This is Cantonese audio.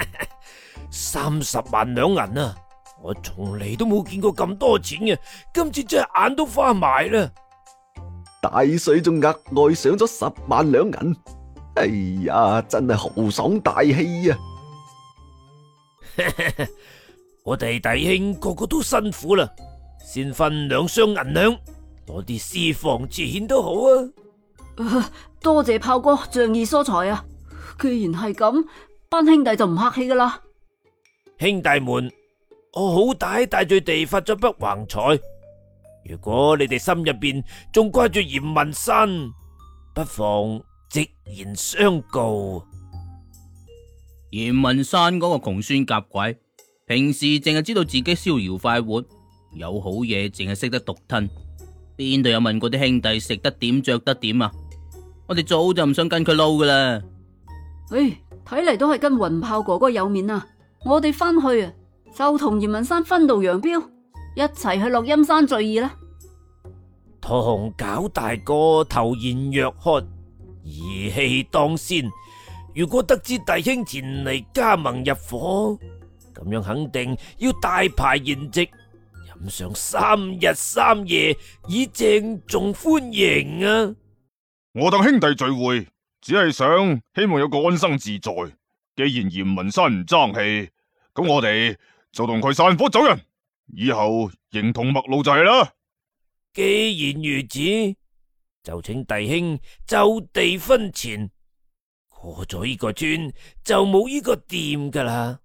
三十萬兩銀啊！我從嚟都冇見過咁多錢啊。今次真係眼都花埋啦！大水仲額外上咗十萬兩銀，哎呀，真係豪爽大氣啊！ 我哋弟，弟兄個個都辛苦啦，先分兩箱銀兩，攞啲私房錢都好啊，呃！多謝炮哥仗義疏財啊！既然係咁。班兄弟就唔客氣噶啦。兄弟們，我好大大罪地發咗筆橫財，如果你哋心入邊仲掛住嚴文山，不妨直言相告。嚴文山嗰個窮酸夾鬼，平時淨係知道自己逍遙快活，有好嘢淨係識得獨吞，邊度有問過啲兄弟食得點、着得點啊？我哋早就唔想跟佢撈噶啦，唉。睇嚟都係跟雲豹哥哥有面啊！我哋翻去啊，就同嚴文山分道揚鑣，一齊去落陰山聚義啦。唐搞大哥投言若渴，義氣當先。如果得知弟兄前嚟加盟入伙，咁樣肯定要大排筵席，飲上三日三夜，以正眾歡迎啊！我等兄弟聚會。只係想希望有個安生自在。既然嚴文山唔爭氣，咁我哋就同佢散伙走人，以後形同陌路就係啦。既然如此，就請弟兄就地分錢。過咗呢個村就冇呢個店噶啦。